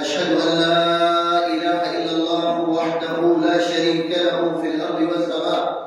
أشهد أن لا إله إلا الله وحده لا شريك له في الأرض والسماء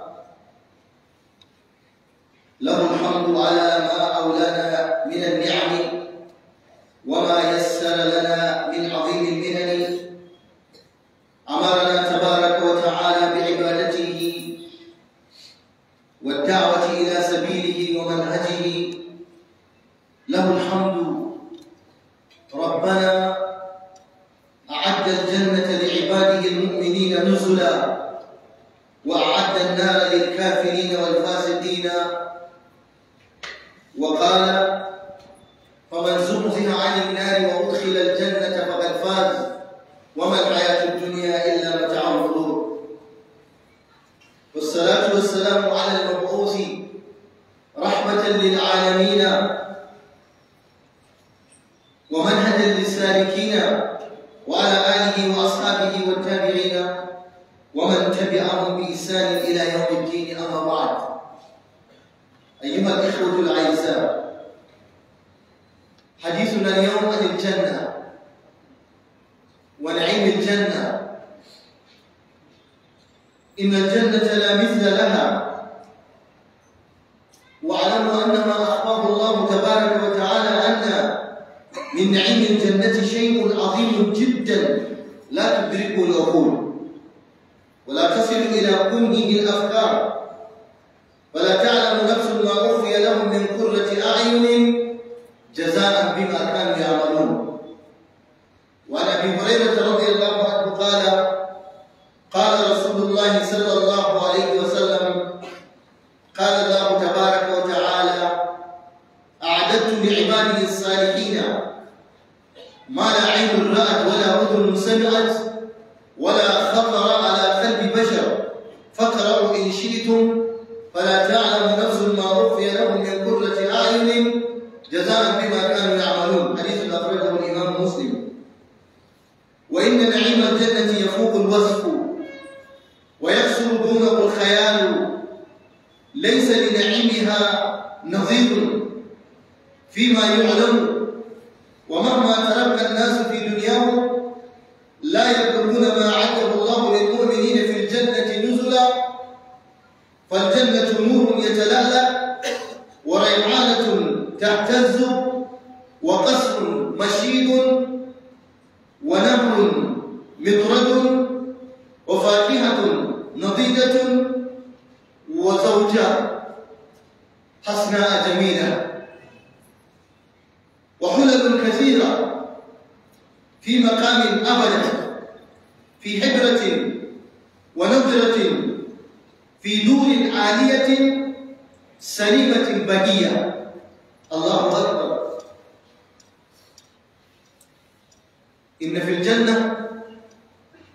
إن في الجنة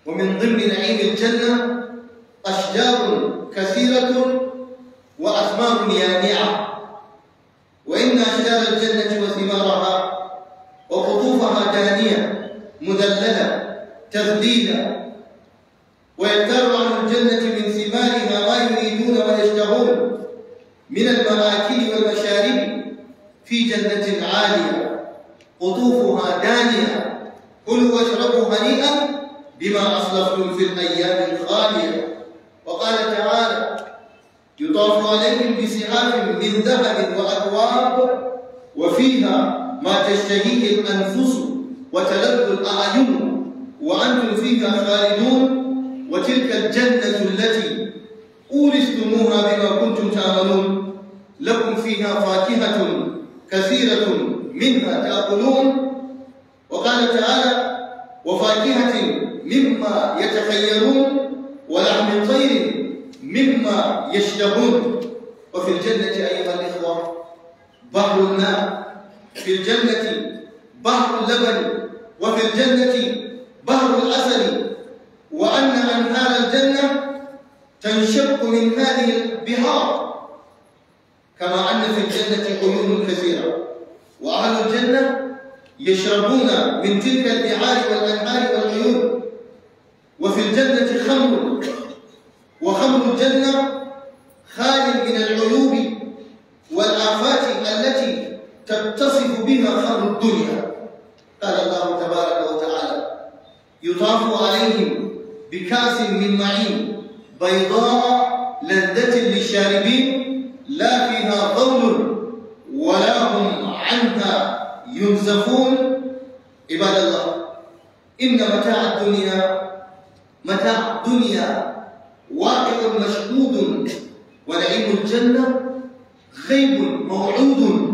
ومن ضمن نعيم الجنة أشجار كثيرة وأثمار يانعة وإن أشجار الجنة وثمارها وقطوفها دانية مذللة تذليلا ويكثر عن الجنة من ثمارها ما يريدون ويشتهون من المراكب والمشارب في جنة عالية قطوفها دانية كلوا واشربوا هنيئا بما أصلفتم في الأيام الخالية وقال تعالى يطاف عليهم بسعاف من ذهب وأكواب وفيها ما تشتهيه الأنفس وتلذ الأعين وأنتم فيها خالدون وتلك الجنة التي أورثتموها بما كنتم تعملون لكم فيها فاكهة كثيرة منها تأكلون وقال تعالى وفاكهة مما يتخيرون ولحم طير مما يشتهون وفي الجنة أيها الإخوة بحر الماء في الجنة بحر اللبن وفي الجنة بحر العسل وأن أنهار الجنة تنشق من هذه البحار كما أن في الجنة عيون كثيرة وأهل الجنة يشربون من تلك الدعاء والأنهار والعيون وفي الجنة خمر وخمر الجنة خال من العيوب والآفات التي تتصف بها خمر الدنيا قال الله تبارك وتعالى يطاف عليهم بكأس من معين بيضاء لذة للشاربين لا فيها قول يرزقون عباد الله إن متاع الدنيا متاع الدنيا واقع مشهود ونعيم الجنة غيب موعود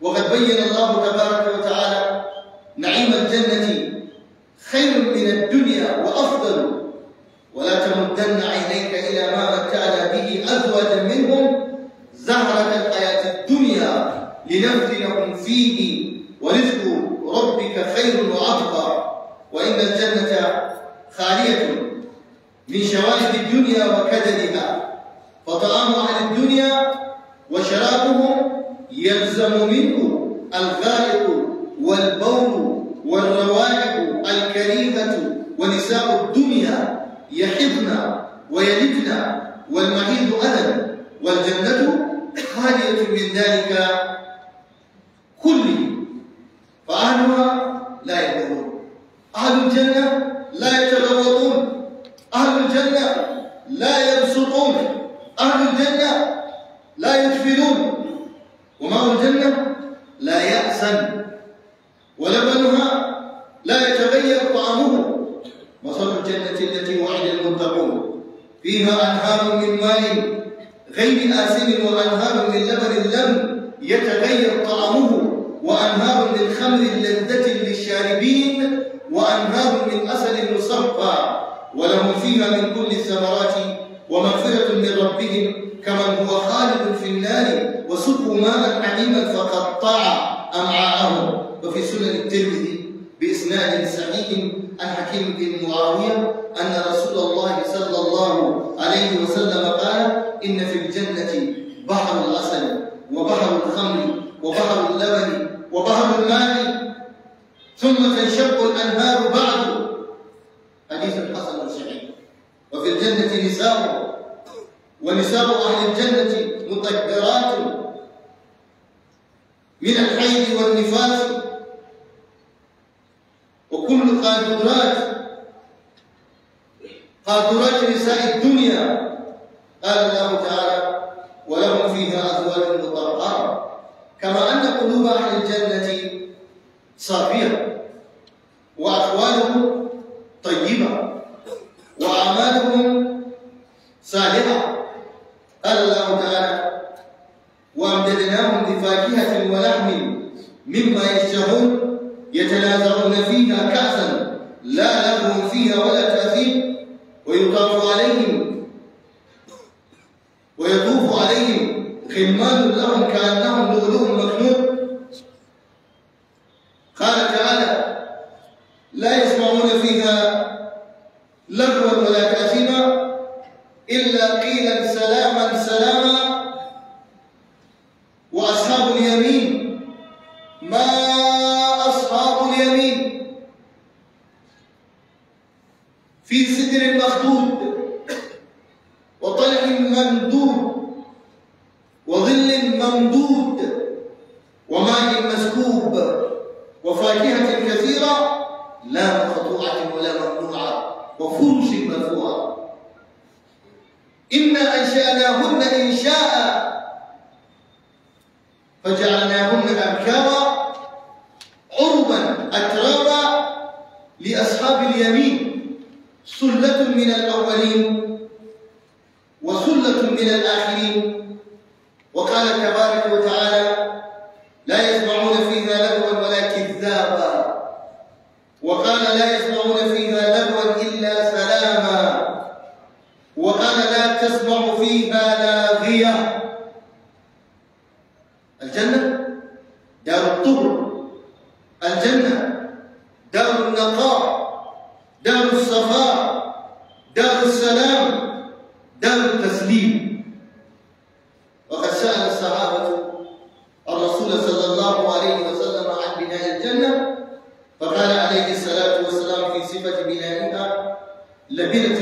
وقد بين الله تبارك وتعالى نعيم الجنة خير من الدنيا وأفضل ولا تمدن عينيك إلى ما متعنا به أزواجا منهم زهرة الحياة الدنيا لنبذلهم فيه ورزق ربك خير وأبقى وإن الجنة خالية من شوائب الدنيا وكدرها فطعام أهل الدنيا وشرابهم يلزم منه الغائط والبول والروائح الكريهة ونساء الدنيا يحضن ويلدن والمعيد أذى والجنة خالية من ذلك كلي فأهلها لا يضرون أهل الجنة لا يتلوطون أهل الجنة لا يبسطون أهل الجنة لا يجفلون وماء الجنة لا يأسن ولبنها لا يتغير طعمه مصر الجنة التي وعد المتقون فيها أنهار من ماء غير آسن وأنهار من لبن لم يتغير طعمه وأنهار من خمر لذة للشاربين وأنهار من عسل مصفى ولهم فيها من كل الثمرات ومغفرة من ربهم كمن هو خالد في النار وسقوا ماء حميما فقطع أمعاءهم وفي سنن الترمذي بإسناد صحيح عن حكيم بن معاوية أن رسول الله صلى الله عليه وسلم قال إن في الجنة بحر العسل وبحر الخمر وبحر اللبن وبهر الماء ثم تنشق الأنهار بعد حديث الحسن الشعير وفي الجنة نساء ونساء أهل الجنة مطهرات من الحيض والنفاس وكل قادرات قادرات نساء الدنيا قال الله تعالى ولهم فيها أزواج مطهره كما أن قلوب أهل الجنة صافية وأقوالهم طيبة وأعمالهم صالحة قال الله تعالى وأمددناهم بفاكهة ولحم مما يشتهون يتنازعون فيها كأسا لا لهم فيها ولا تأثيم ويطاف عليهم ويطوف عليهم غلمان لهم كأنهم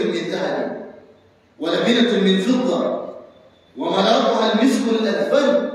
من ذهب ولبنة من فضة وملاطها المسك الأذفل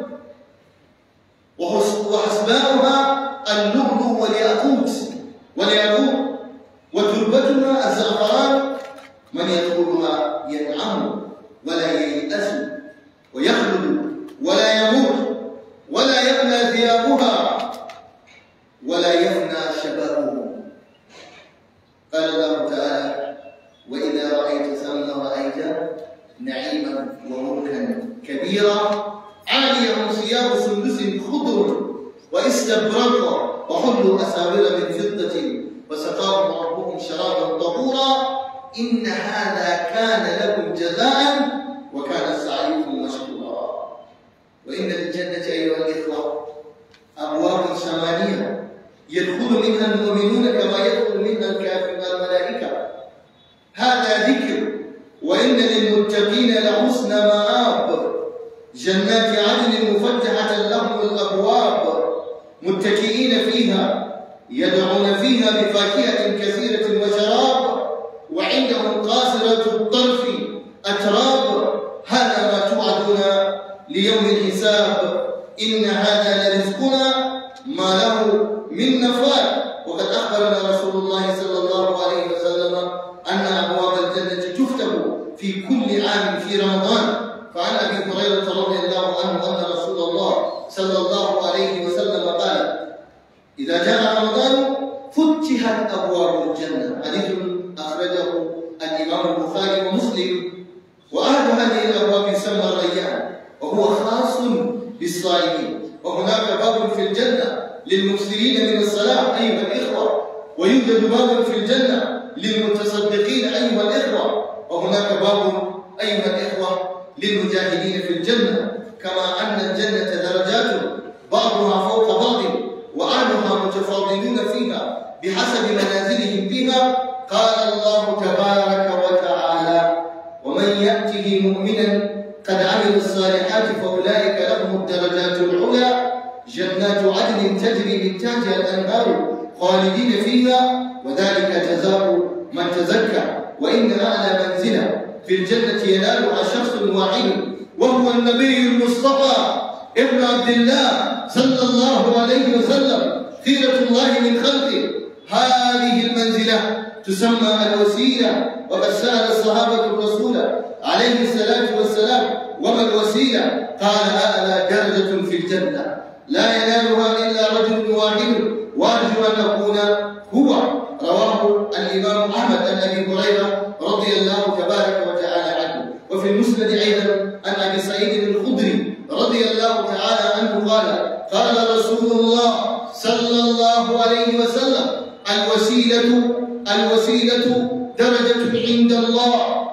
إذا جاء رمضان فتحت أبواب الجنة حديث أخرجه الإمام البخاري ومسلم وأهل هذه الأبواب يسمى الريان وهو خاص بالصائمين وهناك باب في الجنة للمكثرين من الصلاة أيها الإخوة ويوجد باب في الجنة للمتصدقين أيها الإخوة وهناك باب أيها الإخوة للمجاهدين في الجنة كما أن الجنة درجات بعضها فوق المتفضلين فيها بحسب منازلهم فيها قال الله تبارك وتعالى ومن يأته مؤمنا قد عمل الصالحات فأولئك لهم الدرجات العلى جنات عدن تجري من تحتها الأنهار خالدين فيها وذلك جزاء من تزكى وإن أعلى منزلة في الجنة ينالها شخص واحد وهو النبي المصطفى ابن عبد الله صلى الله عليه وسلم زينة الله من خلقه هذه المنزلة تسمى الوسيلة وقد سأل الصحابة الرسول عليه الصلاة والسلام وما الوسيلة؟ قال أعلى درجة في الجنة لا ينالها إلا رجل واحد وأرجو أن أكون هو رواه الإمام أحمد عن أبي هريرة رضي الله تبارك وتعالى عنه وفي المسند أيضا عن أبي سعيد الخدري رضي الله تعالى عنه قال قال رسول الله صلى الله عليه وسلم الوسيلة الوسيلة درجة عند الله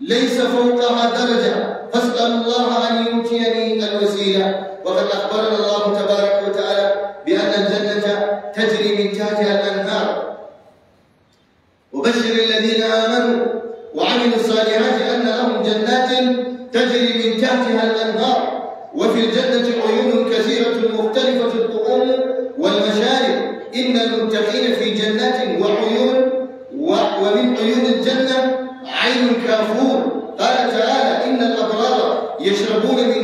ليس فوقها درجة فاسأل الله أن يؤتيني الوسيلة وقد أخبرنا الله تبارك وتعالى بأن الجنة تجري من تحتها الأنهار وبشر الذين آمنوا وعملوا الصالحات أن لهم جنات تجري من تحتها الأنهار وفي الجنة عيون كثيرة مختلفة القرآن للناظرين في جنات وعيون ومن عيون الجنة عين كافور قال تعالى إن الأبرار يشربون من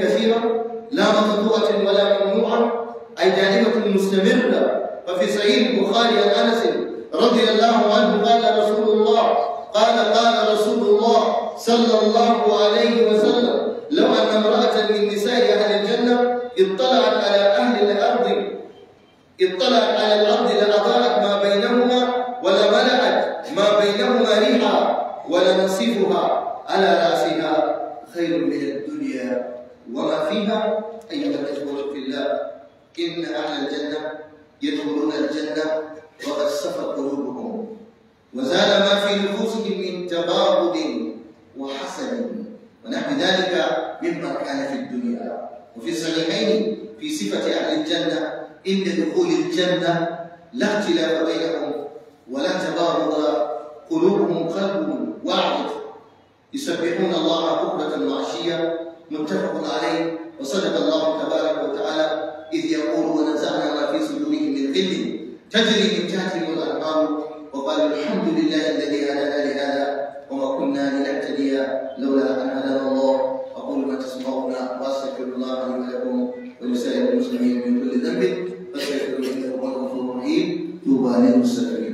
كثيرة لا مقطوعة ولا ممنوعة أي دائمة مستمرة ففي صحيح البخاري عن أنس رضي الله عنه قال رسول الله قال قال رسول الله صلى الله عليه وسلم لو أن امرأة من نساء أهل الجنة اطلعت على أهل الأرض اطلعت على الأرض لأضاءت ما بينهما ولملأت ما بينهما ريحا ولنصفها على رأسها خير من الدنيا وما فيها أيها الإخوة في الله إن أهل الجنة يدخلون الجنة وقد سفت قلوبهم وزال ما في نفوسهم من تباغض وحسد ونحو ذلك مما كان في الدنيا وفي الصحيحين في صفة أهل الجنة إن دخول الجنة لا اختلاف بينهم ولا تباغض قلوبهم قلب واحد يسبحون الله بكرة وعشية متفق عليه وصدق الله تبارك وتعالى إذ يقول ونزعنا ما في صدورهم من غل تجري من تحتهم الأنهار وقال الحمد لله الذي هدانا لهذا وما كنا لنهتدي لولا أن هدانا الله أقول ما تسمعون وأستغفر الله لي ولكم ولسائر المسلمين من كل ذنب فاستغفروه إنه هو الغفور الرحيم توبى للمستغفرين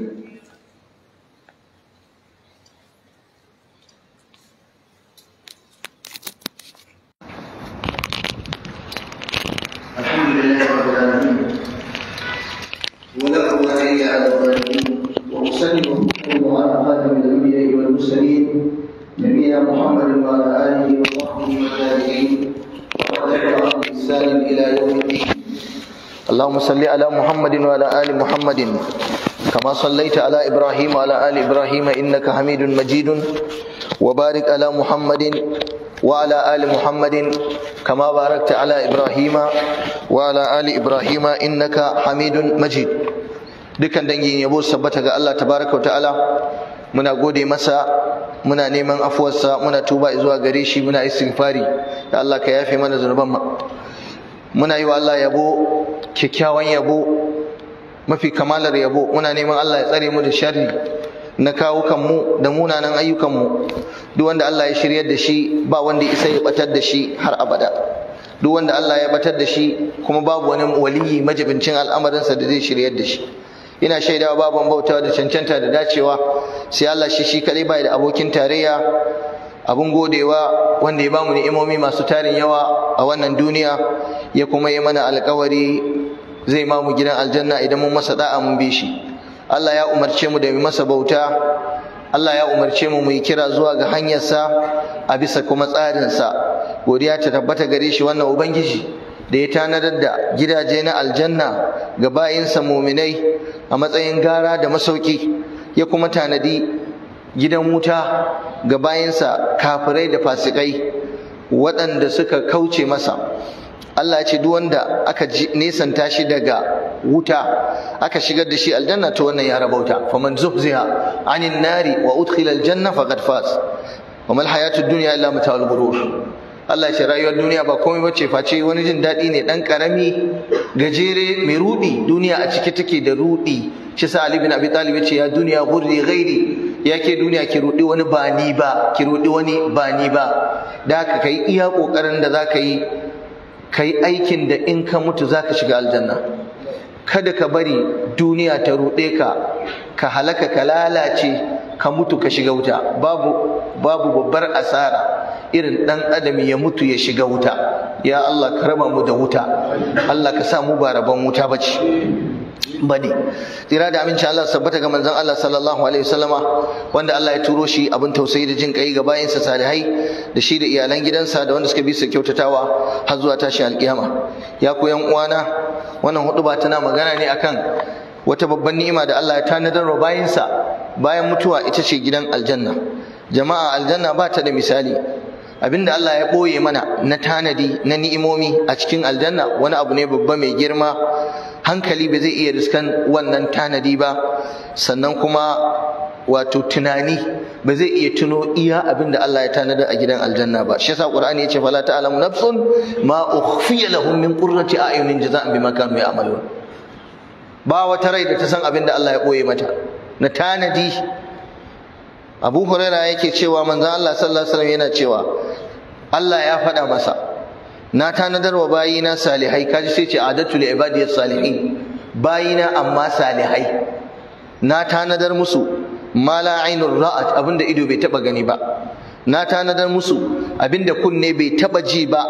محمد وعلى آله وصحبه والتابعين وتبعهم بإحسان إلى يوم الدين اللهم صل على محمد وعلى آل محمد كما صليت على إبراهيم وعلى آل إبراهيم إنك حميد مجيد وبارك على محمد وعلى آل محمد كما باركت على إبراهيم وعلى آل إبراهيم إنك حميد مجيد dukkan dangin yabo sabbata ga Allah tabaraka wa ta'ala muna gode masa muna neman afuwarsa muna tuba zuwa gare shi muna istighfari da Allah ka yafe mana zunuban mu muna yi wa Allah yabo kyakkyawan yabo mafi kamalar yabo muna neman Allah ya tsare mu da sharri na kawo mu da munanan mu. duk wanda Allah ya shiryar da shi ba wanda isa ya batar da shi har abada duk wanda Allah ya batar da shi kuma babu wani waliyi majibincin sa da zai shiryar da shi ina shaidawa baban bautawa da cancanta da dacewa sai Allah shi shi kadai bai da abokin tarayya abun godewa wanda ya bamu ni'imomi masu tarin yawa a wannan duniya ya kuma yi mana alƙawari zai ma mu gidan aljanna idan mun masa da'a mun bi shi Allah ya umarce mu da mu masa bauta Allah ya umarce mu mu yi kira zuwa ga hanyarsa a bisa kuma tsarinsa godiya ta tabbata gare shi wannan ubangiji da ya tanadar da gidaje na aljanna ga bayinsa muminai a matsayin gara da masauki ya kuma tanadi gidan wuta ga bayinsa kafirai da fasikai waɗanda suka kauce masa Allah ce duk wanda aka nesanta shi daga wuta aka shigar da shi aljanna ta wannan ya wuta faman zuhziha anin nari wa udkhila aljanna faqad faz wa mal hayatud dunya illa mata'ul ghurur Allah ce rayuwar duniya ba komai bace face wani jin daɗi ne ɗan ƙarami gajere mai ruɗi duniya a ciki take da ruɗi shi sa Ali bin Abi Talib ce ya duniya gurri ghairi ya duniya ki ruɗi wani ba ni ba ki ruɗi wani ba ni ba da ka kai iya ƙoƙarin da zaka yi kai aikin da in ka mutu zaka shiga aljanna kada ka bari duniya ta ruɗe ka ka halaka ka lalace ka mutu ka shiga wuta babu babu babbar asara irin dan adam ya mutu ya shiga wuta ya Allah ka raba mu da wuta Allah ka sa mu ba rabon wuta bace bane tsira da aminci Allah sabbata ga manzon Allah sallallahu alaihi wasallama wanda Allah ya turo shi abin tausayi da jin kai ga bayansa salihai da shi da iyalan gidansa da wanda suka bi su kyautatawa har zuwa tashi alkiyama ya ku yan uwana wannan hudu ba tana magana ne akan wata babban ni'ima da Allah ya tanadar wa bayansa bayan mutuwa ita ce gidan aljanna jama'a aljanna ba ta da misali abinda Allah ya ɓoye mana na tanadi na ni'imomi a cikin aljanna wani abu ne babba mai girma hankali ba zai iya riskan wannan tanadi ba sannan kuma wato tunani ba zai iya tuno iya abinda Allah ya tanada a gidan aljanna ba shi yasa qur'ani yace fala ta'lamu nafsun ma ukhfiya lahum min qurrati a'yunin jaza'an bima kanu ya'malun ba wata rai da ta san abinda Allah ya ɓoye mata na tanadi abu huraira yake cewa manzan Allah sallallahu alaihi yana cewa Allah ya faɗa masa na tanadar wa bayina salihai kaji sai ce adatu li ibadiyas salihin bayina amma salihai na tanadar musu mala ra'at abinda ido bai taba gani ba na tanadar musu abinda kunne bai taba ji ba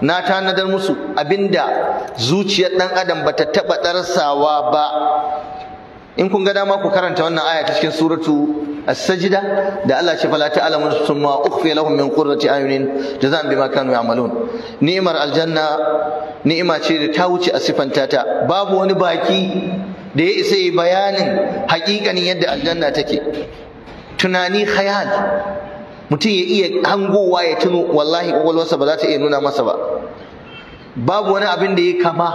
na tanadar musu abinda zuciyar dan adam bata taba darsawa ba in kun ga dama ku karanta wannan aya ta cikin suratu as-sajda da Allah ce fala ta'lamu summa ukhfi lahum min qurrati ayunin jazaan bima kanu ya'malun ni'mar aljanna ni'ima ce da ta wuce a sifanta ta babu wani baki da ya isa yi bayanin hakikanin yadda aljanna take tunani khayal mutum ya iya hangowa ya tuno wallahi kwakwalwarsa ba za ta iya nuna masa ba babu wani abin da ya kama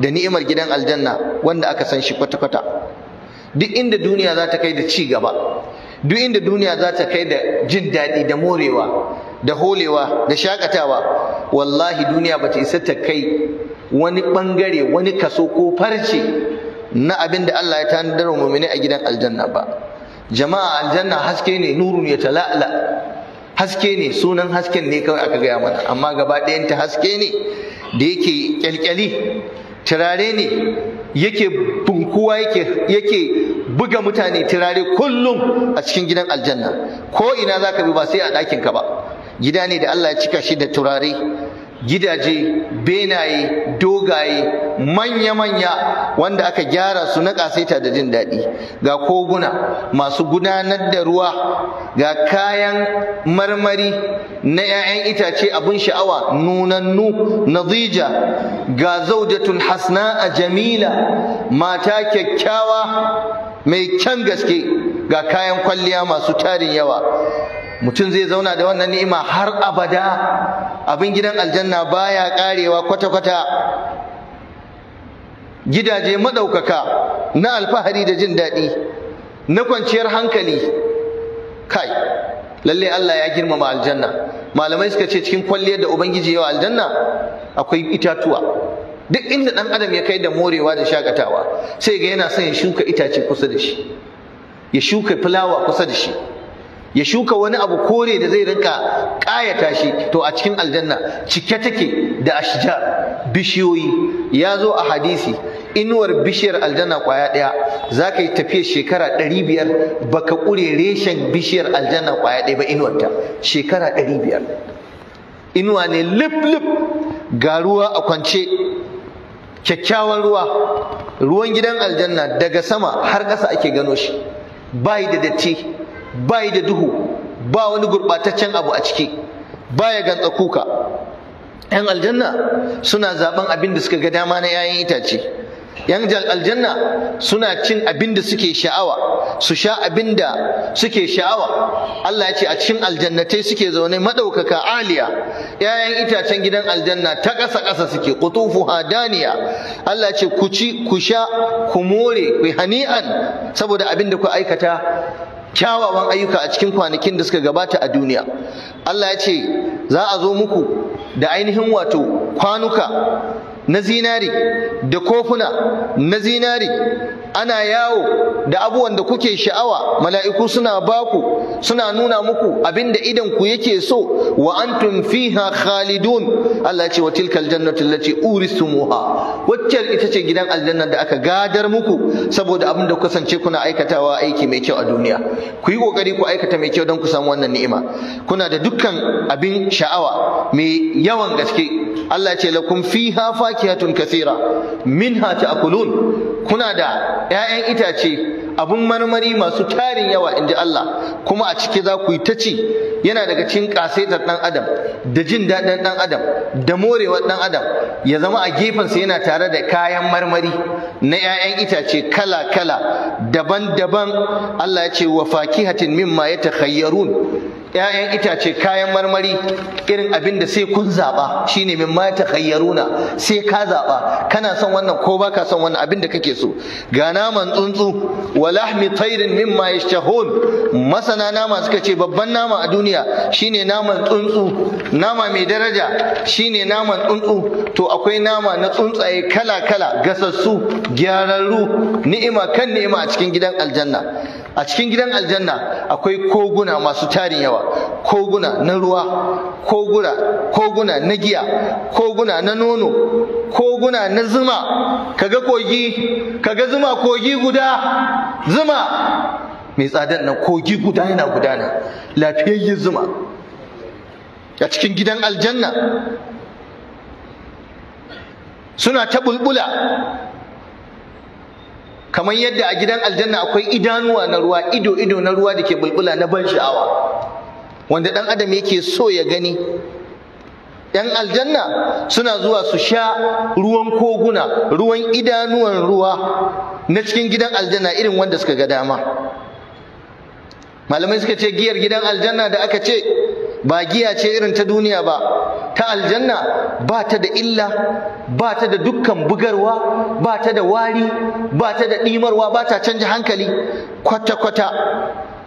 da ni'imar gidan aljanna wanda aka san shi kwata-kwata duk inda duniya za ta kai da ci gaba duk inda duniya za ta kai da jin daɗi da morewa da holewa da shakatawa wallahi duniya ba ta isa ta kai wani ɓangare wani kaso ko farce na abin da Allah ya tanadar wa a gidan aljanna ba jama'a aljanna haske ne ne ya tala'ala haske ne sunan hasken ne kawai aka gaya mana amma gaba ɗayan ta haske ne da yake kyalkyali turare ne yake bunkuwa yake buga mutane turare kullum a cikin gidan aljanna ko ina zaka bi ba sai a ɗakin ka ba gida ne da Allah ya cika shi da turare gidaje benaye dogaye manya-manya wanda aka gyara su na kasaita da jin daɗi ga koguna masu gudanar da ruwa ga kayan marmari na 'ya'yan itace abin sha'awa nunannu nazija ga zaujatun hasna a jamila mata kyakkyawa mai kyan gaske ga kayan kwalliya masu tarin yawa mutum zai zauna da wannan ni'ima har abada abin gidan aljanna baya karewa kwata-kwata gidaje madaukaka na alfahari da jin daɗi na kwanciyar hankali kai lalle Allah ya girmama aljanna malamai suka ce cikin kwalliyar da ubangiji yawa aljanna akwai itatuwa duk inda ɗan adam ya kai da morewa da shakatawa sai ga yana son ya shuka itace kusa da shi ya shuka fulawa kusa da shi ya shuka wani abu kore da zai rinka ƙayata shi to a cikin aljanna cike take da ashja bishiyoyi ya zo a hadisi inuwar bishiyar aljanna kwaya ɗaya za ka yi tafiyar shekara ɗari biyar ba ka ƙure reshen bishiyar aljanna kwaya ɗaya ba inuwarta shekara ɗari biyar inuwa ne lif-lif ga ruwa a kwance kyakkyawan ruwa ruwan gidan aljanna daga sama har ƙasa ake gano shi bai da datti bayi da duhu ba wani gurɓataccen abu a ciki baya gantsa kuka yan aljanna suna zaben abin da suka ga dama na 'ya'yan itace yan aljanna suna cin abin da suke sha'awa su sha abin da suke sha'awa Allah ya ce a cikin aljannatai suke zaune madaukaka aliya yayan itacen gidan aljanna ta ƙasa ƙasa suke qutufuha daniya Allah ya ce ku ci ku sha ku more ku hani'an saboda abin da ku aikata kyawawan ayyuka a cikin kwanakin da suka gabata a duniya Allah ya ce za a zo muku da ainihin wato kwanuka na zinari da kofuna na zinari ana yawo da abubuwan da kuke sha'awa mala'iku suna baku suna nuna muku abinda idan ku yake so wa antum fiha khalidun Allah ce wa tilkal jannatu allati urisumuha wacce ita ce gidan aljanna da aka gadar muku saboda abin da kasance kuna aikatawa aiki mai kyau a duniya ku yi kokari ku aikata mai kyau don ku samu wannan ni'ima kuna da dukkan abin sha'awa mai yawan gaske Allah ce lakum fiha faki fakihatun kathira minha ta'kulun kuna da 'ya'yan itace abun marmari masu tarin yawa inji Allah kuma a ciki za ku yi ta ci yana daga cikin kasaitar ɗan adam da jin daɗin dan adam da morewar ɗan adam ya zama a gefensa yana tare da kayan marmari na 'ya'yan itace kala kala daban daban Allah ya ce wa fakihatin mimma yatakhayyarun ‘ya'yan itace kayan marmari irin abin da sai kun zaɓa shine min ma ta khayyaruna sai ka zaɓa kana son wannan ko ba ka son wannan abin da kake so ga naman tsuntsu walahmi lahmi tairin min ma yashtahun masana nama suka ce babban nama a duniya shine naman tsuntsu nama mai daraja shine naman tsuntsu to akwai nama na tsuntsaye kala kala gasassu gyararru ni'ima kan ni'ima a cikin gidan aljanna a cikin gidan aljanna akwai koguna masu tarin yawa koguna na ruwa koguna koguna na giya koguna na nono koguna na zuma kaga kogi kaga zuma kogi guda zuma mai tsadan nan kogi guda yana gudana lafiyayyen zuma a cikin gidan aljanna suna ta bulbula kamar yadda a gidan aljanna akwai idanuwa na ruwa ido ido na ruwa da ke bulbula na ban sha'awa wanda dan adam yake so ya gani yan aljanna suna zuwa su sha ruwan koguna ruwan idanuwan ruwa na cikin gidan aljanna irin wanda suka ga dama malamai suka ce giyar gidan aljanna da aka ce ba giya ce irin ta duniya ba ta aljanna ba ta da illa ba ta da dukkan bugarwa ba ta da wari ba ta da ɗimarwa ba ta canja hankali kwata-kwata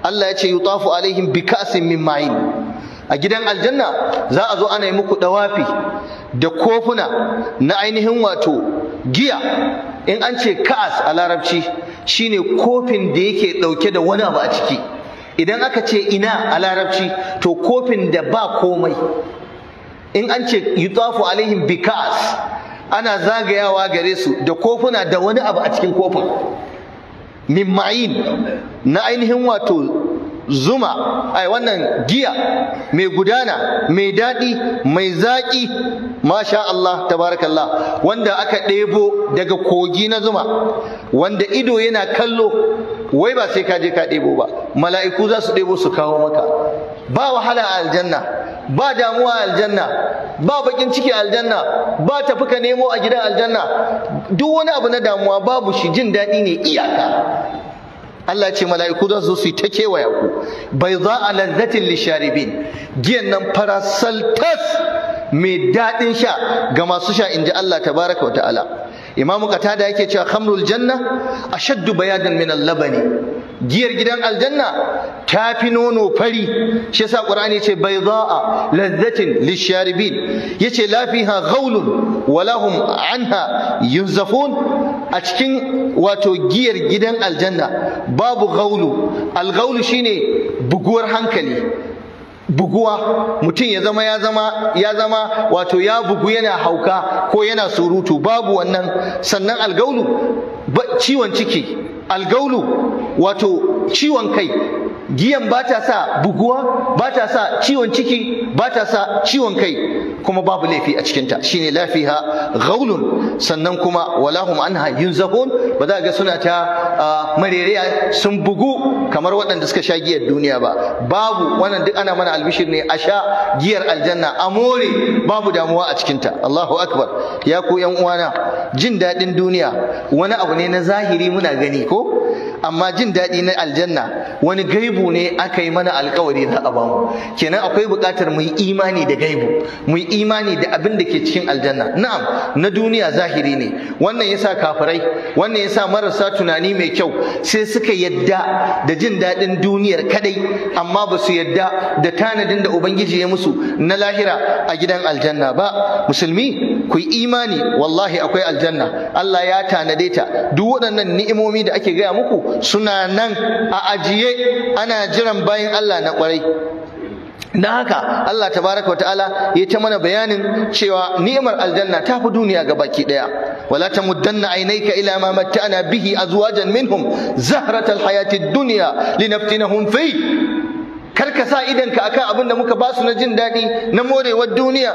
Allah ya ce yutafu alaihim bi ka'sin min ma'in a gidan aljanna za a zo ana yi muku dawafi da kofuna na ainihin wato giya in an ce ka'as a larabci shine kofin da yake dauke da wani abu a ciki idan aka ce ina a larabci to kofin da ba komai in an ce yutafu alaihim bikas ana zagayawa gare su da kofuna da wani abu a cikin kofin min ma'in na ainihin wato zuma ai wannan giya mai gudana mai daɗi mai zaƙi masha Allah tabarakallah wanda aka ɗebo daga kogi na zuma wanda ido yana kallo wai ba sai ka je ka ɗebo ba mala'iku za su ɗebo su kawo maka ba wahala a aljanna ba damuwa a aljanna ba bakin ciki a aljanna ba tafi ka nemo a gidan aljanna duk wani abu na damuwa babu shi jin daɗi ne iyaka Allah ce mala'iku za su yi ta kewaya ku bai za a lazzatin lisharibin giyan nan farasaltas mai daɗin sha ga masu sha in ji Allah tabaraka wa ta'ala imamu qatada yake cewa khamrul janna ashaddu bayadan min al-labani giyar gidan aljanna ta fi nono fari shi yasa qur'ani yace bayda'a ladhatin lisharibin yace la fiha ghaulun wala anha yunzafun a cikin wato giyar gidan aljanna babu ghaulu al-ghaulu shine buguwar hankali buguwa mutum ya zama ya zama ya zama wato ya bugu yana hauka ko yana surutu babu wannan sannan algaulu ciwon ciki algaulu wato ciwon kai giyan ba ta sa buguwa ba ta sa ciwon ciki ba ta sa ciwon kai kuma babu laifi a cikinta shine lafiha ghaulun sannan kuma walahum anha yunzahun ba za ga suna ta marereya sun bugu kamar waɗanda suka sha giyar duniya ba babu wannan duk ana mana albishir ne a sha giyar aljanna a more babu damuwa a cikinta Allahu akbar ya ku yan uwana jin daɗin duniya wani abu ne na zahiri muna gani ko amma jin daɗi na aljanna wani gaibu ne aka yi mana alkawari za a bamu kenan akwai buƙatar mu yi imani da gaibu mu yi imani da abin da ke cikin aljanna na'am na duniya zahiri ne wannan yasa kafirai wannan yasa marasa tunani mai kyau sai suka yadda da jin daɗin duniyar kadai amma ba su yadda da tanadin da ubangiji ya musu na lahira a gidan aljanna ba musulmi ku yi imani wallahi akwai aljanna Allah ya tanade ta duk waɗannan ni'imomi da ake gaya muku suna nan a ajiye ana jiran bayan Allah na kwarai Na haka Allah tabaraka wa ta'ala ya ta mana bayanin cewa ni'imar aljanna ta fi duniya ga baki daya wala tamuddanna ainaika ila ma ana bihi azwajan minhum zahratal hayatid dunya linaftinahum fi kar ka sa idanka akan abin da muka basu na jin daɗi na morewar duniya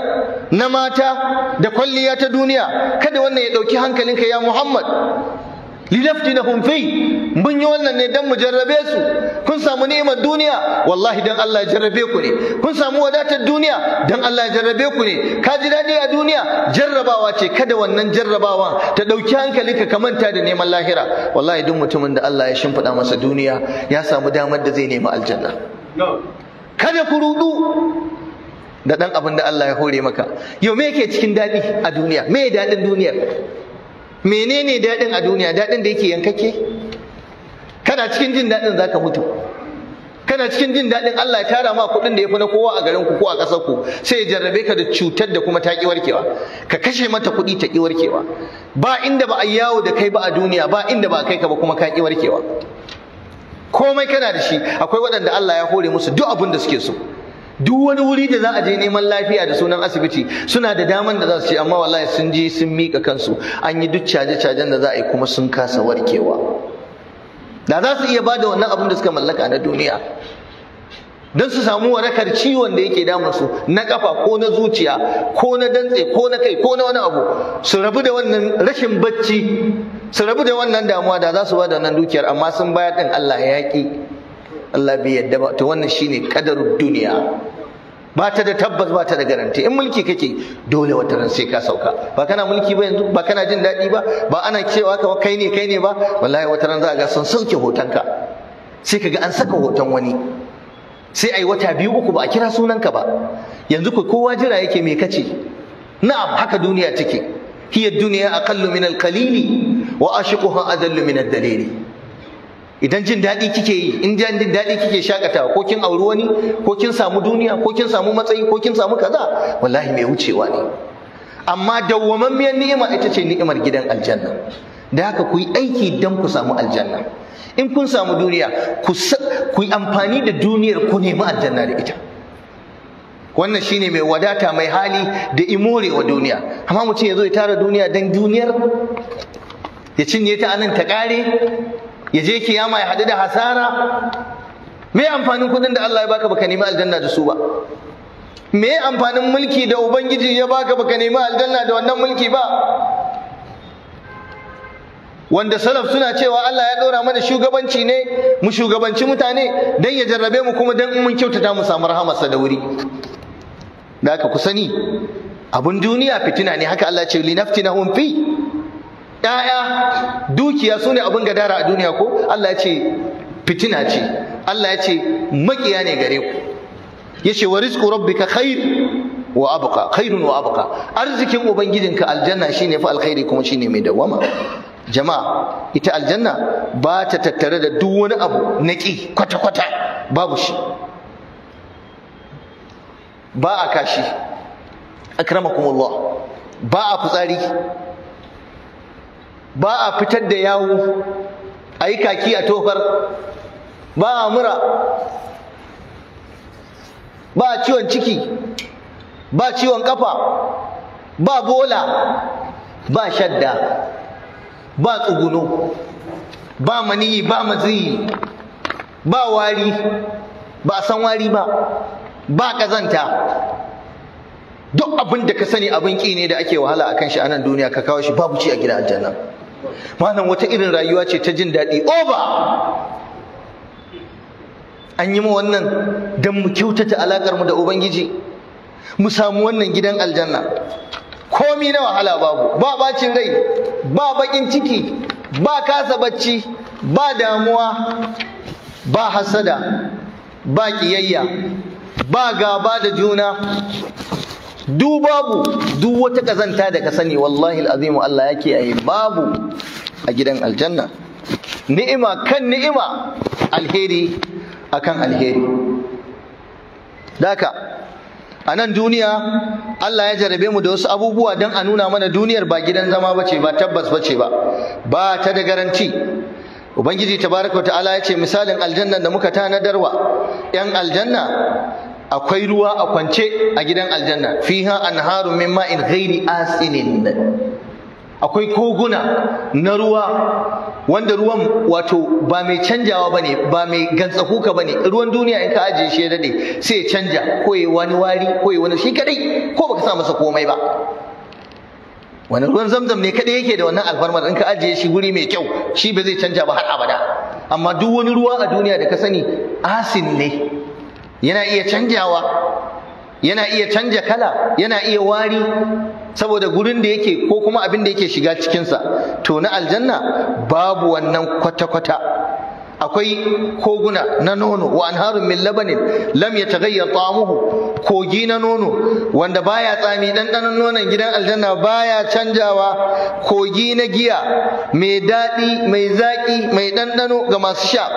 na mata da kwalliya ta duniya kada wannan ya ɗauki hankalinka ya muhammad na fi mun yi wannan ne dan mu jarrabe su kun samu ni'imar duniya wallahi dan Allah ya jarrabe ku ne kun samu wadatar duniya dan Allah ya jarrabe ku ne ka ji daɗi a duniya jarrabawa ce kada wannan jarrabawa ta ɗauki hankalinka ka manta da neman lahira wallahi duk mutumin da Allah ya shimfiɗa masa duniya ya samu damar da zai nemi aljanna kada ku rudu da dan abin da Allah ya hore maka yau me yake cikin dadi a duniya me dadin duniya menene dadin a duniya dadin da yake yankake kana cikin jin dadin zaka mutu kana cikin jin daɗin Allah ya tara ma kuɗin da ya fi na kowa a garin ku ko a ƙasar ku sai ya jarrabe ka da cutar da kuma ta ki warkewa ka kashe mata kuɗi ta ki warkewa ba inda ba a yawo da kai ba a duniya ba inda ba a kai ka ba kuma ka ki warkewa komai kana da shi akwai waɗanda Allah ya hore musu duk abin da suke so duk wani wuri da za a je neman lafiya da sunan asibiti suna da daman da za su ce amma wallahi sun je sun miƙa kansu an yi duk caje-cajen da za a yi kuma sun kasa warkewa da za su iya ba da wannan abin da suka mallaka na duniya don su samu warakar ciwon da yake damun su na kafa ko na zuciya ko na dantse ko na kai ko na wani abu su rabu da wannan rashin bacci su rabu da wannan damuwa da za su bada wannan dukiyar amma sun bayar din Allah ya yaƙi. Allah bai yadda ba to wannan shine kadarud duniya ba ta da tabbas ba ta da garanti in mulki kake dole wata ran sai ka sauka ba kana mulki ba yanzu ba kana jin daɗi ba ba ana cewa ka kai ne kai ne ba wallahi wata ran za ga sun sauke hotonka sai ka ga an saka hoton wani sai yi wata biyu uku ba a kira sunanka ba yanzu ku kowa jira yake me kace na'am haka duniya take hiya duniya aqallu min alqalili wa ashiquha adallu min ad-dalili idan jin daɗi kike yi in jin daɗi kike shakatawa ko kin auri wani ko kin samu duniya ko kin samu matsayi ko kin samu kaza wallahi mai wucewa ne amma dawwamammiyar ni'ima ita ce ni'imar gidan aljanna da haka ku yi aiki dan ku samu aljanna in kun samu duniya ku yi amfani da duniyar ku nemi aljanna da ita wannan shine mai wadata mai hali da imore wa duniya amma mutum ya zo ya tara duniya dan duniyar ya cinye ta anan ta kare ya je kiyama ya hadu da hasara me amfanin kudin da Allah ya baka baka nemi aljanna da su ba me amfanin mulki da ubangiji ya baka baka nemi aljanna da wannan mulki ba wanda salaf suna cewa Allah ya ɗora mana shugabanci ne mu shugabanci mutane don ya jarrabe mu kuma don mun kyautata mu samu rahamarsa da wuri da aka ku sani abun duniya fitina ne haka Allah ce linaftinahum fi Ya'ya dukiya su ne abin gadara a duniya ko Allah ya ce fitina ce Allah ya ce makiya ne gare ku ya ce wa rizqu ka khair wa abqa khairun wa abqa arzikin ubangijinka aljanna shine fa alkhairi kuma shine mai dawama jama'a ita aljanna ba ta tattare da duk wani abu na kwata-kwata babu shi ba a kashi akramakumullah ba a fitsari ba a fitar da yawo a yi kaki a tofar ba a mura ba a ciwon ciki ba ciwon kafa ba bola ba shadda ba tsuguno ba maniyi ba maziyi ba wari ba san wari ba ba kazanta duk abin da ka sani abin ki ne da ake wahala akan kan shi a nan duniya ka kawo shi babu ci a gidan aljanna malam wata irin rayuwa ce ta jin daɗi oba. an yi mu wannan don mu kyautata alaƙar mu da ubangiji mu samu wannan gidan aljanna komi na wahala babu ba bacin rai ba bakin ciki ba kasa bacci ba damuwa ba hasada ba kiyayya ba gaba da juna du babu duk wata kazanta da ka sani wallahi al'azimu Allah yake yi babu a gidan aljanna ni'ima kan ni'ima alheri akan alheri daka a nan duniya Allah ya jarabe mu da wasu abubuwa don a nuna mana duniyar ba gidan zama ba ce ba tabbas ba ce ba ba ta da garanti ubangiji tabaraka ta'ala ya ce misalin aljanna da muka tanadarwa yan aljanna akwai ruwa a kwance a gidan aljanna fiha anharu min in ghairi asinin akwai koguna na ruwa wanda ruwan wato ba mai canjawa ba ne ba mai gantsakuka ne ruwan duniya in ka ajiye shi ya daɗe sai ya canja ko ya wani wari ko ya wani shi kadai ko baka sa masa komai ba wani ruwan zamzam ne kadai yake da wannan alfarmar in ka ajiye shi guri mai kyau shi ba zai canja ba har abada amma duk wani ruwa a duniya da ka sani asin ne yana iya canjawa yana iya canja kala yana iya wari saboda gurin da yake ko kuma abin da yake shiga cikinsa to na aljanna babu wannan kwata-kwata akwai koguna na nono wa anharun min labanin lam yataghayyar ta'amuhu kogi na nono wanda baya tsami ɗanɗanon nonon gidan aljanna baya canjawa kogi na giya mai daɗi mai zaƙi mai ɗanɗano ga masu sha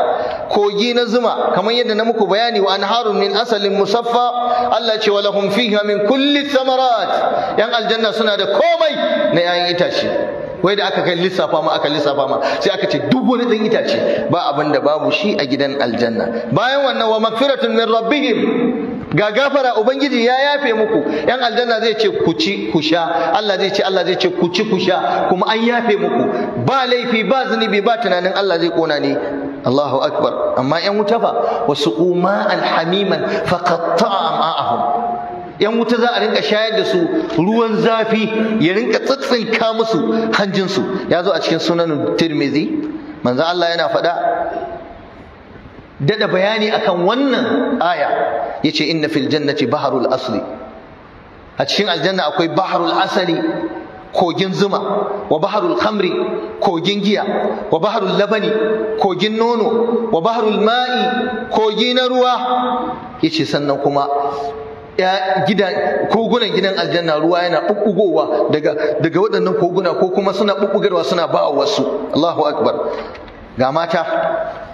kogi na zuma kamar yadda na muku bayani wa anharun min asalin musaffa Allah ce wa lahum fiha min kulli thamarat yan aljanna suna da komai na 'ya'yan itace wai da aka kai lissafa ma aka lissafa ma sai aka ce duk wani ɗan itace ba abin da babu shi a gidan aljanna bayan wannan wa magfiratun min rabbihim ga gafara ubangiji ya yafe muku yan aljanna zai ce ku ci ku sha Allah zai ce Allah zai ce ku ci ku sha kuma an yafe muku ba laifi ba zunubi ba tunanin Allah zai kona ni Allahu akbar amma yan wuta fa wasu umma alhamiman faqatta am'a'ahum yan wuta za a rinka shayar da su ruwan zafi ya rinka tsitsinka musu hanjinsu ya zo a cikin sunan tirmizi manzo Allah yana faɗa dada bayani akan wannan aya yace inna fil jannati baharul asli a cikin aljanna akwai baharul asali kogin zuma wa baharul khamri kogin giya wa baharul labani kogin nono wa baharul ma'i kogi na ruwa yace sannan kuma gida kogunan gidan aljanna ruwa yana bubbugowa daga daga waɗannan koguna ko kuma suna bubbugarwa suna ba wasu Allahu akbar ga mata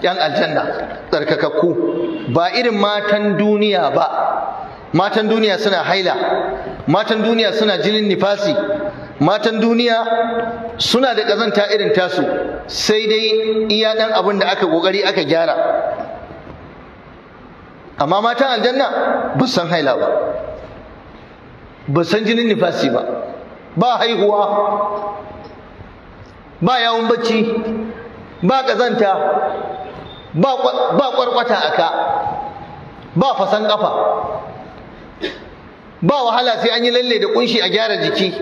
yan aljanna tsarkakakku ba irin matan duniya ba matan duniya suna haila matan duniya suna jinin nifasi matan duniya suna da ƙazanta irin tasu sai dai iya ɗan abin da aka ƙoƙari aka gyara amma matan aljanna ba san haila ba ba san jinin nifasi ba ba haihuwa ba yawon bacci ba ƙazanta ba ƙwarƙwata a ka ba fasan ƙafa ba wahala sai an yi lalle da kunshi a gyara jiki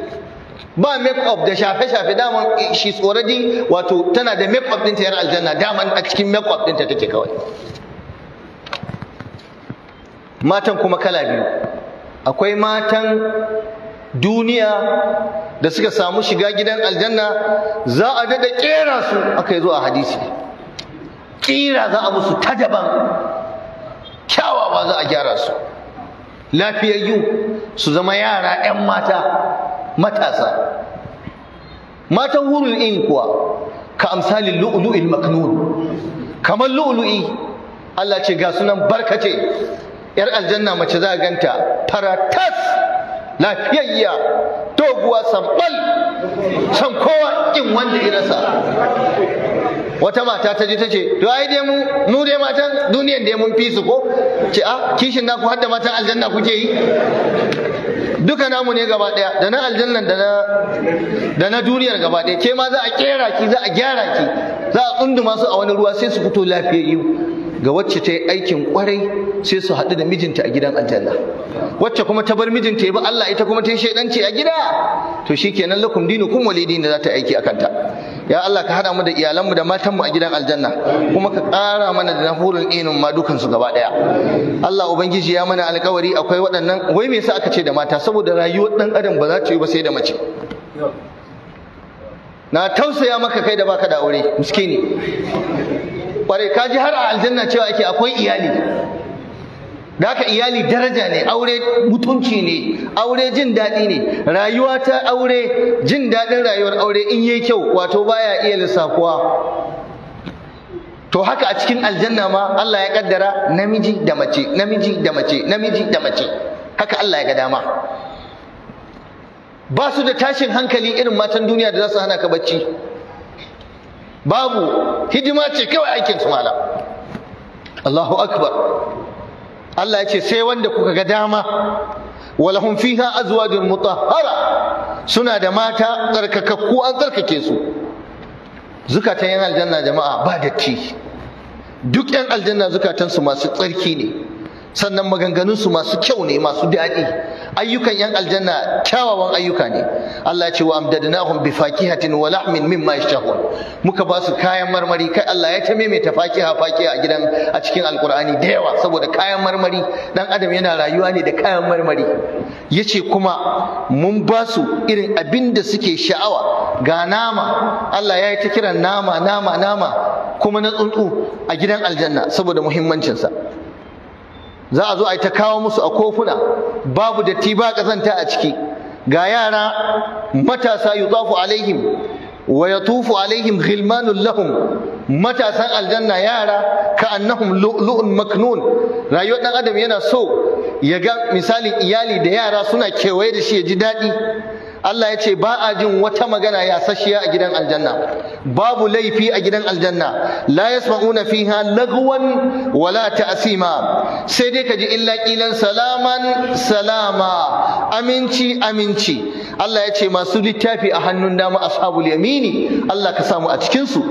ba make-up da shafe-shafe daman shi tsoradi wato tana da make-up ɗinta yar aljanna daman a cikin make-up ta take kawai matan kuma kala biyu akwai matan duniya da suka samu shiga gidan aljanna za a daɗa ƙera su aka yi zuwa hadisi ƙira za a musu ta daban kyawawa za a gyara su lafiyayyu su zama yara 'yan mata matasa matan hurul in kuwa ka amsalin lu'lu'il maknun kamar lu'lu'i Allah ce ga sunan barkace yar aljanna mace za ganta faratas lafiyayya doguwa sambal san kowa in wanda ya rasa wata mata ta ji ta ce to ai dai mu mu dai matan duniyan dai mun fi su ko ce a ah, kishin naku ku matan aljanna kuke yi duka namu ne gaba daya da na aljannan da na da na duniyar gaba daya ke ma za a kera ki za a gyara ki za a tsunduma su a wani ruwa sai su fito lafiyayyu ga wacce ta yi aikin kwarai sai su haɗu da mijinta a gidan aljanna wacce kuma ta bar mijinta ya bi Allah ita kuma ta yi shaidanci a gida to shikenan lakum dinu dinukum da za ta aiki akanta ya Allah ka hada mu da mu da mu a gidan aljanna kuma ka ƙara mana da nahurul inun ma dukan su gaba daya Allah ubangiji ya mana alƙawari akwai waɗannan wai me yasa aka ce da mata saboda rayuwar dan adam ba za ta yi ba sai da mace na tausaya maka kai da baka da aure miskini kwarai ji har a aljanna cewa ake akwai iyali da haka iyali daraja ne aure mutunci ne aure jin daɗi ne rayuwa ta aure jin daɗin rayuwar aure in yi kyau wato baya iya lissafuwa to haka a cikin aljanna ma Allah ya kaddara namiji da mace namiji da mace namiji da mace haka Allah ya ga dama ba su da tashin hankali irin matan duniya da za su hana ka bacci babu hidima ce kawai aikin su malam Allahu akbar Allah ya ce sai wanda kuka ga dama walahun fiha azwajun mutahhara suna da mata tsarkakakku an tsarkake su zukatan yan aljanna jama'a ba datti duk yan aljanna zukatan su masu tsarki ne sannan maganganunsu masu kyau ne masu daɗi ayyukan yan aljanna kyawawan ayyuka ne Allah ya ce wa amdadnahum bi fakihatin wa lahmin mimma yashtahun muka ba su kayan marmari kai Allah ya ta maimaita fakiha fakiha a gidan a cikin alkur'ani da yawa saboda kayan marmari dan adam yana rayuwa ne da kayan marmari yace kuma mun ba su irin abin da suke sha'awa ga nama Allah ya yi ta kiran nama nama nama kuma na tsuntsu a gidan aljanna saboda muhimmancinsa za a zo a yi ta kawo musu a kofuna babu datti ba kazanta a ciki ga yara matasa yutafu alaihim wa tufu alaihim ghilmanul lahum matasan aljanna yara ka annahum lu'lu'un maknun rayuwar dan adam yana so ya ga misalin iyali da yara suna kewaye da shi ya ji daɗi Allah ya ce ba a jin wata magana ya sashiya a gidan aljanna babu laifi a gidan aljanna la yasma'una fiha lagwan wala ta'sima sai dai ka ji illa kilan salaman salama aminci aminci Allah ya ce masu littafi a hannun dama ashabul yamini Allah ka samu a cikin su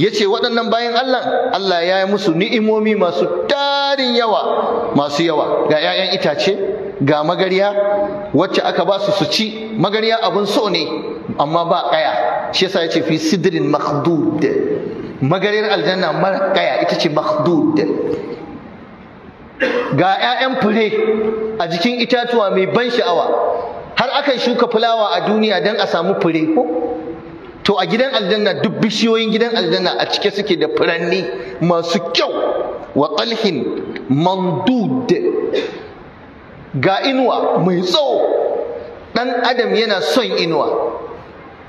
yace waɗannan bayan Allah Allah ya yi musu ni'imomi masu tarin yawa masu yawa ga 'ya'yan itace ga magarya wacce aka ba su su ci magarya abin so ne amma ba kaya shi yasa yace fi sidrin makhdud magaryar aljanna mara kaya ita ce makhdud ga 'ya'yan fure a jikin itatuwa mai ban sha'awa har akan shuka fulawa a duniya don a samu fure ko to a gidan aljanna duk bishiyoyin gidan aljanna a cike suke da furanni masu kyau wa qalhin mandud ga inuwa mai tsawo ɗan adam yana son inuwa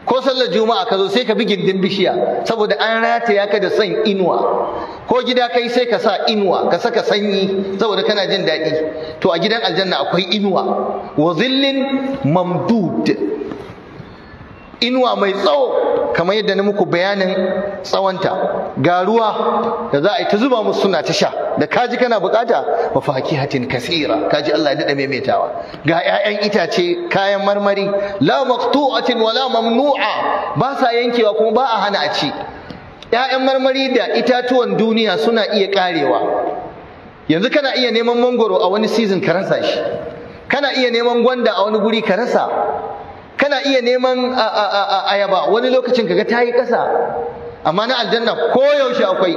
ko sallar juma'a ka zo sai ka bi gindin bishiya saboda an rataya ka da son inuwa ko gida kai sai ka sa inuwa ka saka sanyi saboda kana jin daɗi to a gidan aljanna akwai inuwa wa zillin mamdud inuwa mai tsawo kamar yadda na muku bayanin tsawonta ga ruwa da za a yi ta zuba musu suna ta sha da kaji kana bukata wa fakihatin kasira kaji Allah ya dada maimaitawa ga 'ya'yan itace kayan marmari la maqtu'atin wala mamnu'a ba sa yankewa kuma ba a hana a ci 'ya'yan marmari da itatuwan duniya suna iya karewa yanzu kana iya neman mangoro a wani season ka rasa shi kana iya neman gwanda a wani guri ka rasa kana iya neman ayaba wani lokacin kaga ta yi ƙasa amma na aljanna koyaushe akwai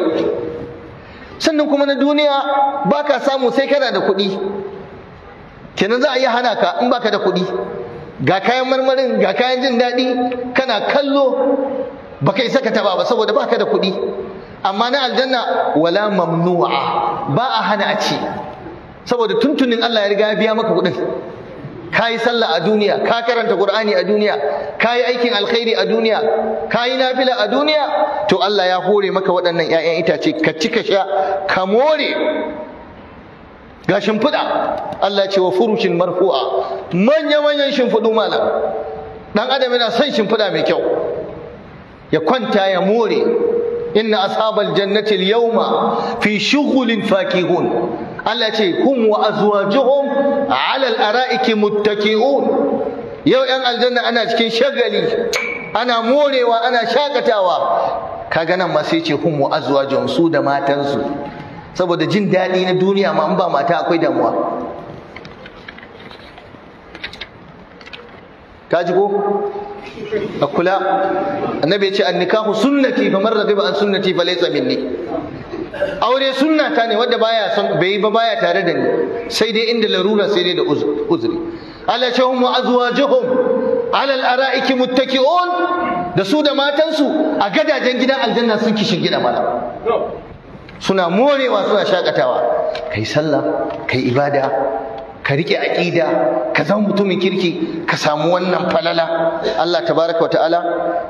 sannan kuma na duniya ba ka samu sai kana da kuɗi kenan za a iya hana ka in baka da kuɗi ga kayan marmarin ga kayan jin daɗi kana kallo baka isa ka taba ba saboda baka da kuɗi amma na aljanna wala mamnu'a ba a hana a ci saboda tuntunin Allah ya riga ya biya maka kuɗin ka yi sallah a duniya ka karanta qur'ani a duniya ka yi aikin alkhairi a duniya ka yi nafila a duniya to Allah ya hore maka waɗannan 'ya'yan itace ka cika ka sha ka more ga shimfiɗa Allah ce wa furushin marfu'a manya manyan shimfiɗu malam dan adam yana son shimfiɗa mai kyau ya kwanta ya more inna ashabal jannati al-yawma fi shughulin fakihun Allah ce hum wa azwajuhum ala al-ara'iki muttaki'un yau yan aljanna ana cikin shagali ana morewa ana shakatawa kaga nan ma sai ce hum wa azwajuhum su da matansu saboda jin daɗi na duniya ma an ba mata akwai damuwa kaji ko a kula annabi ya ce an nikahu sunnati fa man raghiba an sunnati fa laysa minni aure sunnata ne wanda baya son bai ba baya tare da ni sai dai inda larura sai dai da uzuri ala shahum wa azwajuhum ala al-ara'iki muttaki'un da su da matansu a gadajen gidan aljanna sun ki gida mana suna morewa suna shakatawa kai sallah kai ibada ka rike aƙida ka zama mutumin kirki ka samu wannan falala Allah tabaraka ta'ala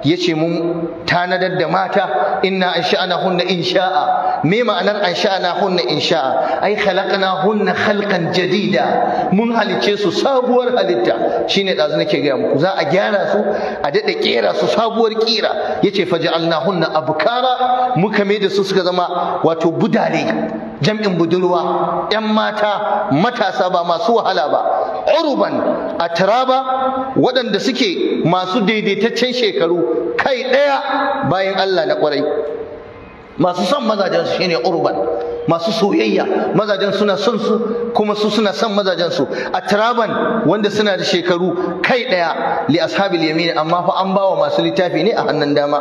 ya ce mun tanadar da mata inna ansha'ana hunna insha'a me ma'anar ansha'ana hunna insha'a ai khalaqna hunna khalqan jadida mun halice su sabuwar halitta shine dazu nake ga muku za a gyara su a dade kera su sabuwar kira yace faj'alna hunna abkara muka mai da su suka zama wato budale jam'in budurwa 'yan mata matasa ba masu wahala ba uruban Taraba waɗanda suke masu daidaitaccen shekaru kai ɗaya bayan Allah na ƙwarai masu son mazajen su shine urban masu soyayya mazajen suna son su kuma su suna son mazajen su atraban wanda suna da shekaru kai ɗaya li ashabil yamin amma fa an bawa masu littafi ne a hannun dama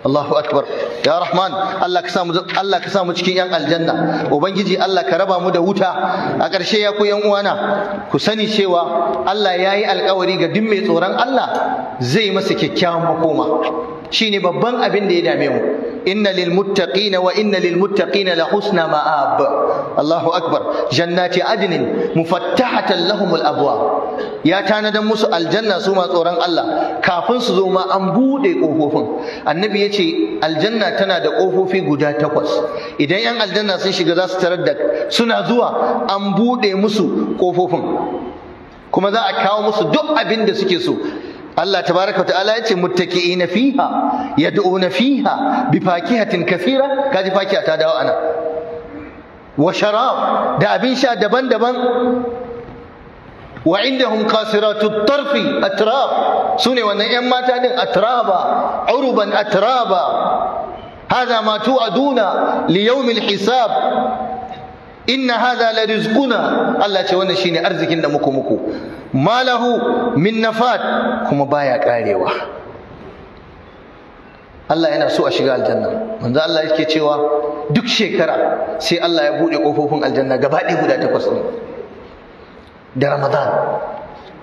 Allahu akbar ya rahman Allah ka samu Allah ka mu cikin yan aljanna ubangiji Allah ka raba mu da wuta a ƙarshe ya ku yan uwana ku sani cewa Allah ya yi alkawari ga duk mai tsoron Allah zai masa kyakkyawan makoma shine babban abin da ya dame mu inna lil muttaqina la husna ma'ab Allahu akbar jannati adnin mufattahatan lahumul abwab ya tanadan musu aljanna suma tsoron Allah kafin su zo ma an buɗe ƙofofin. annabi ya ce aljanna tana da kofofi guda takwas idan yan aljanna sun shiga za su tarar da suna zuwa an buɗe musu ƙofofin. kuma za a kawo musu duk abinda suke so Allah tabaraka ta'ala yace muttaqi'ina fiha yad'una fiha bi fakihatin kathira kaji fakiha ta dawo ana wa sharab da abin sha daban-daban wa indahum qasiratut tarfi atrab sune wannan yan mata din atraba uruban atraba hada ma tu'aduna li yawmil hisab inna hada la rizquna Allah ce wannan shine arzikin da muku muku malahu min nafat kuma baya karewa Allah yana so a shiga aljanna manzo Allah yake cewa duk shekara sai Allah ya bude kofofin aljanna gaba ɗaya guda takwas ne da Ramadan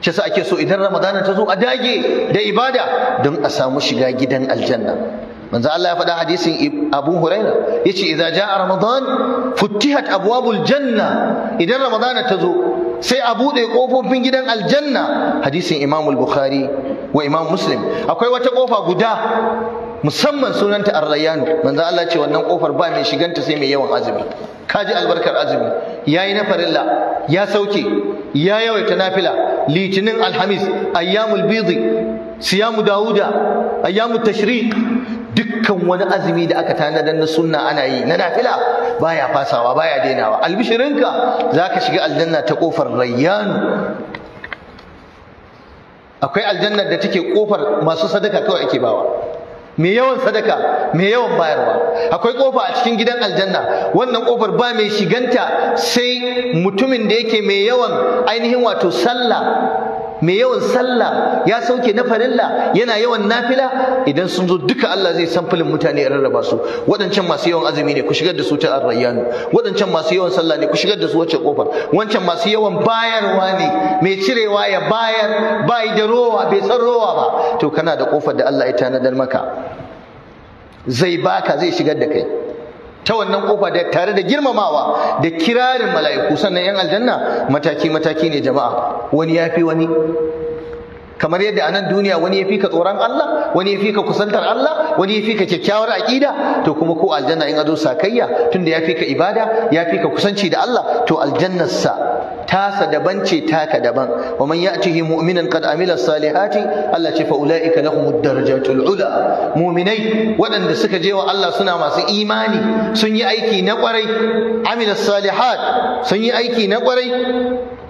shi sa ake so idan ramadan ta zo a dage da ibada don a samu shiga gidan aljanna manzo Allah ya faɗa hadisin Abu Huraira yace idza jaa ramadan futtihat abwabul janna idan ramadana ta zo sai a buɗe kofofin gidan aljanna hadisin Imam al-Bukhari wa Imam Muslim akwai wata ƙofa guda musamman sunanta ar-rayyan manzo Allah ce wannan kofar ba mai shiganta sai mai yawan azumi kaji albarkar azumi yayi na farilla ya sauke ya yawaita nafila litinin alhamis ayyamul bidhi siyamu dauda ayyamut tashriq dukkan wani azumi da aka tanadar na sunna ana yi na nafila baya fasawa baya dainawa albishirinka zaka shiga aljanna ta kofar rayyan akwai aljannar da take kofar masu sadaka kawai ake bawa mai yawan sadaka mai yawan bayarwa akwai kofa a cikin gidan aljanna wannan kofar ba mai shiganta sai mutumin da yake mai yawan ainihin wato sallah mai yawan sallah ya sauke na farilla yana yawan nafila idan sun zo duka Allah zai samfulin mutane ya rarraba su waɗancan masu yawan azumi ne ku shigar da su ta arrayyanu waɗancan masu yawan sallah ne ku shigar da su wacce kofar wancan masu yawan bayarwa ne mai cirewa ya bayar bai da rowa bai san rowa ba to kana da kofar da Allah ya tanadar maka zai baka zai shigar da kai ta wannan kofa da tare da girmamawa da kirarin mala'iku sannan yan aljanna mataki mataki ne jama'a wani ya fi wani kamar yadda a nan duniya wani ya fi ka tsoron Allah wani ya fi ka kusantar Allah wani ya fi ka kyakkyawar aƙida to kuma ko aljanna in azo sakayya tunda ya fi ka ibada ya fi ka kusanci da Allah to aljannarsa tasa daban ce taka daban wa man ya'tihi mu'minan qad amila salihati Allah ce fa ulaika lahumud darajatul ula mu'minai waɗanda suka je wa Allah suna masu imani sun yi aiki na kwarai amila salihat sun yi aiki na kwarai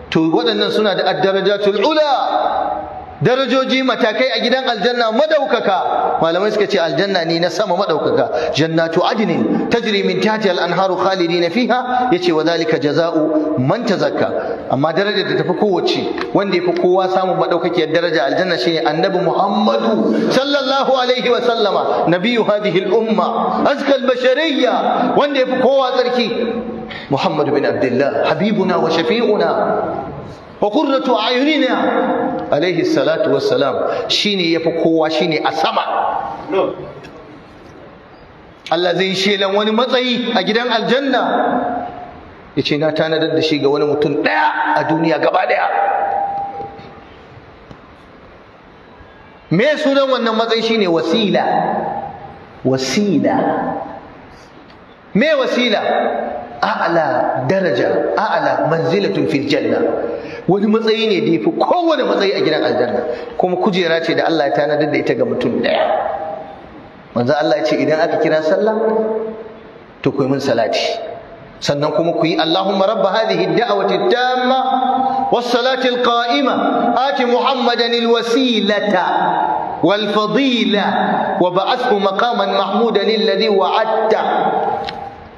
to waɗannan suna da ad-darajatul ula darajoji matakai a gidan aljanna madaukaka malamai suka ce aljanna ne na sama madaukaka jannatu adnin tajri min tahtiha al-anharu khalidin fiha yace wa zalika jaza'u man tazakka amma darajar da tafi kowace wanda yafi kowa samun madaukakiyar daraja aljanna shine annabi muhammadu sallallahu alaihi wa sallama nabiyyu hadhihi al-umma azka al-bashariyya wanda yafi kowa tsarki muhammadu bin abdullah habibuna wa shafi'una wa qurratu ayunina alaihi salatu wassalam shine yafi kowa shine a sama Allah zai shelan wani matsayi a gidan aljanna yace na tanadar da shi ga wani mutum daya a duniya gaba daya me sunan wannan matsayi shine wasila wasila me wasila a'la daraja a'la manzilatun fil janna wani matsayi ne da yafi kowane matsayi a gidan aljanna kuma kujera ce da Allah ya tanadar da ita ga mutum daya manzo Allah ya ce idan aka kira sallah to ku yi min salati sannan kuma ku yi Allahumma rabb hadhihi ad-da'wati tamma was-salati al-qa'ima ati Muhammadan al-wasilata wal-fadila wa ba'athu maqaman mahmudan alladhi wa'adta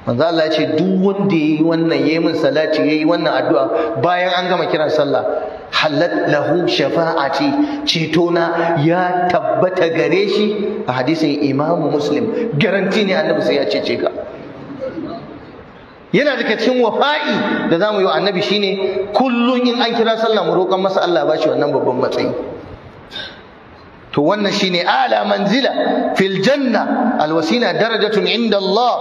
manzo Allah ya ce duk wanda yayi wannan yayi min salati yayi wannan addu'a bayan an gama kiran sallah halat lahu shafa'ati ceto na ya tabbata gare shi a hadisin imamu muslim garanti ne annabi sai ya cece ka yana daga cikin wafa'i da zamu yi wa annabi shine kullun in an kira sallah mu roƙon masa Allah ya bashi wannan babban matsayi to wannan shine ala manzila fil janna alwasila darajatun inda Allah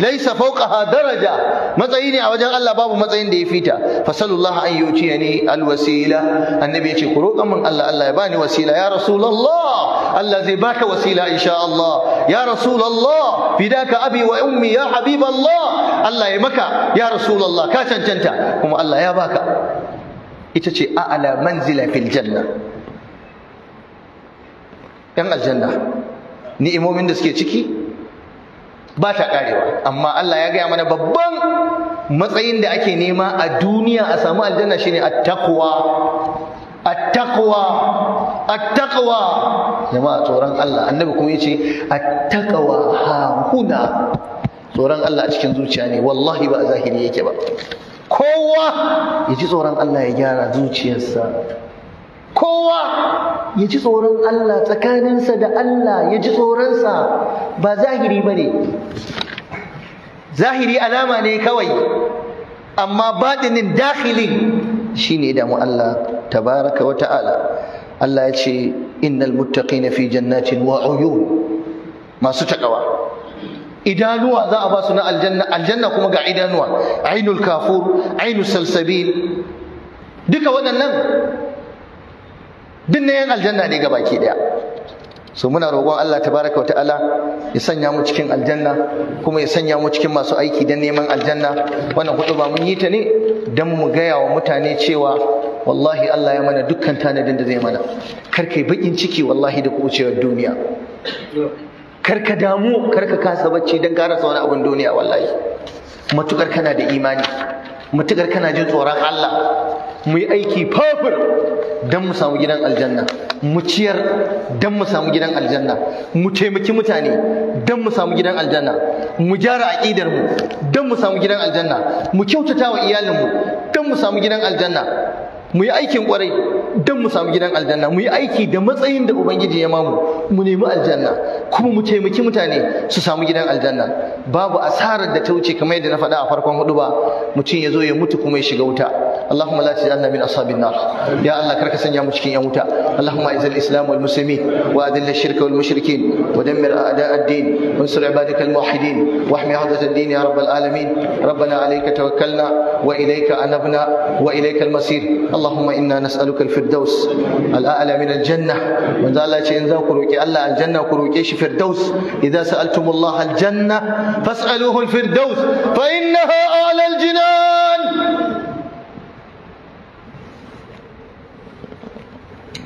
laysa fawqaha daraja matsayi ne a wajen Allah babu matsayin da ya fita fasallallahu an yuci ne alwasila annabi yace ku roƙa min Allah Allah ya bani wasila ya rasulullah Allah zai baka wasila insha Allah ya rasulullah fidaka abi wa ummi ya habiballah Allah ya maka ya rasulullah ka cancanta kuma Allah ya baka ita ce Al'a manzila fil janna yan aljanna ni'imomin da suke ciki ba ta karewa amma Allah ya gaya mana babban matsayin da ake nema a duniya a samu aljanna shine at-taqwa at-taqwa at-taqwa jama'a tsoron Allah annabi kuma yace at-taqwa ha huna tsoron Allah a cikin zuciya ne wallahi ba a zahiri yake ba kowa ya ji tsoron Allah ya gyara zuciyarsa kowa ya ji tsoron Allah tsakaninsa da Allah ya ji tsoronsa ba zahiri ba ne zahiri alama ne kawai amma baɗinin dakhilin shi ne damu Allah tabaraka wa ta'ala Allah ya ce innal muttaqina fi jannatin wa uyun masu takawa idanuwa za a ba su na aljanna aljanna kuma ga idanuwa ainul kafur ainul salsabil duka waɗannan duk na yan aljanna ne ga baki daya so muna roƙon Allah tabaraka wa ta'ala ya sanya mu cikin aljanna kuma ya sanya mu cikin masu aiki don neman aljanna wannan hudu ba mun yi ta ne dan mu gaya wa mutane cewa wallahi Allah ya mana dukkan tanadin da zai mana kar kai bakin ciki wallahi da kucewar duniya kar ka damu kar ka kasa bacci dan karasa wani abin duniya wallahi matukar kana da imani matukar kana jin tsoron Allah mu yi aiki fafir don mu samu gidan aljanna mu ciyar don mu samu gidan aljanna mu taimaki mutane don mu samu gidan aljanna mu gyara aƙidar mu don mu samu gidan aljanna mu kyautata wa iyalinmu don mu samu gidan aljanna mu yi aikin ƙwarai don mu samu gidan aljanna mu yi aiki da matsayin da ubangiji ya mamu mu nemi aljanna kuma mu taimaki mutane su samu gidan aljanna babu asarar da ta wuce kamar yadda na faɗa a farkon hudu ba mutum ya zo ya mutu kuma ya shiga wuta اللهم لا تجعلنا من اصحاب النار يا الله كرك سنيا مشكين يا متى اللهم اعز الاسلام والمسلمين واذل الشرك والمشركين ودمر اعداء الدين وانصر عبادك الموحدين واحمي عقدة الدين يا رب العالمين ربنا عليك توكلنا واليك انبنا واليك المصير اللهم انا نسالك الفردوس firdaus al'ala min aljanna manzo Allah ce in za ku roki Allah aljanna ku roke shi firdaus idza sa'altumullaha aljanna fas'aluhu alfirdaus fa innaha a'la aljinan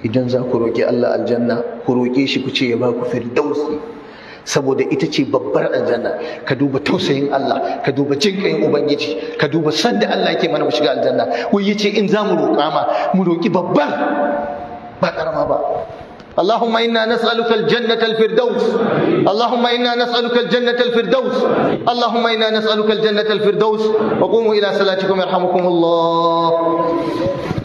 idan za ku roki Allah aljanna ku roke shi ku ce ya ba ku firdausi saboda ita ce babbar aljanna ka duba tausayin Allah ka duba jinkayin ubangiji ka duba sanda Allah yake mana mu shiga aljanna wai yace in za mu roƙa ma mu roƙi babbar ba karama ba اللهم انا نسالك الجنه الفردوس اللهم انا نسالك الجنه الفردوس اللهم انا نسالك الجنه الفردوس وقوموا الى صلاتكم يرحمكم الله